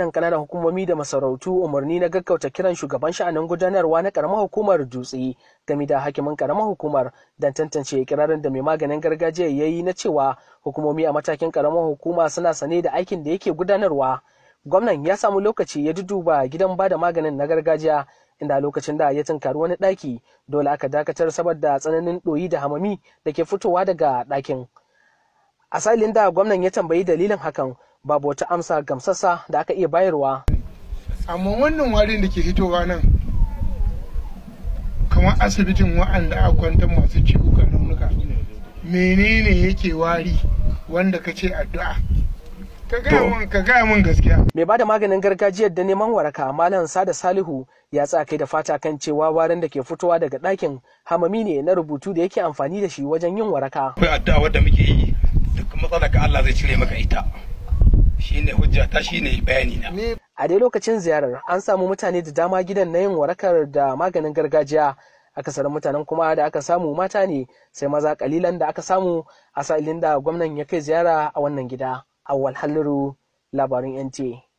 nan ƙananan hukumomi da masarautu umarni na gaggauta kiran shugaban sha'anin gudanarwa na karamar hukumar dutse game da hakimin karamar hukumar don tantance ikirarin da mai maganin gargajiya ya yi na cewa hukumomi a matakin karamar hukuma suna sane da aikin da yake gudanarwa gwamnan ya samu lokaci ya duduba gidan ba da maganin na gargajiya inda lokacin da ya tunkari wani ɗaki dole aka dakatar saboda tsananin ɗoyi da hamami da ke fitowa daga ɗakin asalin da gwamnan ya tambayi dalilin hakan babu wata amsa gamsassa da aka iya bayarwa amma wannan warin da ke hitowa nan kamar asibitin wa'anda a kwantar masu ciwuka nunuka menene yake wari wanda ka ce addu'a ka gaya mun gaskiya mai bada maganin gargajiyar da neman waraka malam sada salihu ya tsakai da fata kan cewa warin da ke fitowa daga ɗakin hamami ne na rubutu da yake amfani da shi wajen yin waraka akwai addu'a wadda muke yi duk matsalar ka Allah zai cire maka ita shine hujja ta shine bayani na a dai lokacin ziyarar an samu mutane da dama gidan na yin warakar da maganin gargajiya sarar mutanen kuma da aka samu mata ne sai maza kalilan da aka samu a sa'ilin da gwamnan ya kai ziyara a wannan gida awwal halliru labarin NTA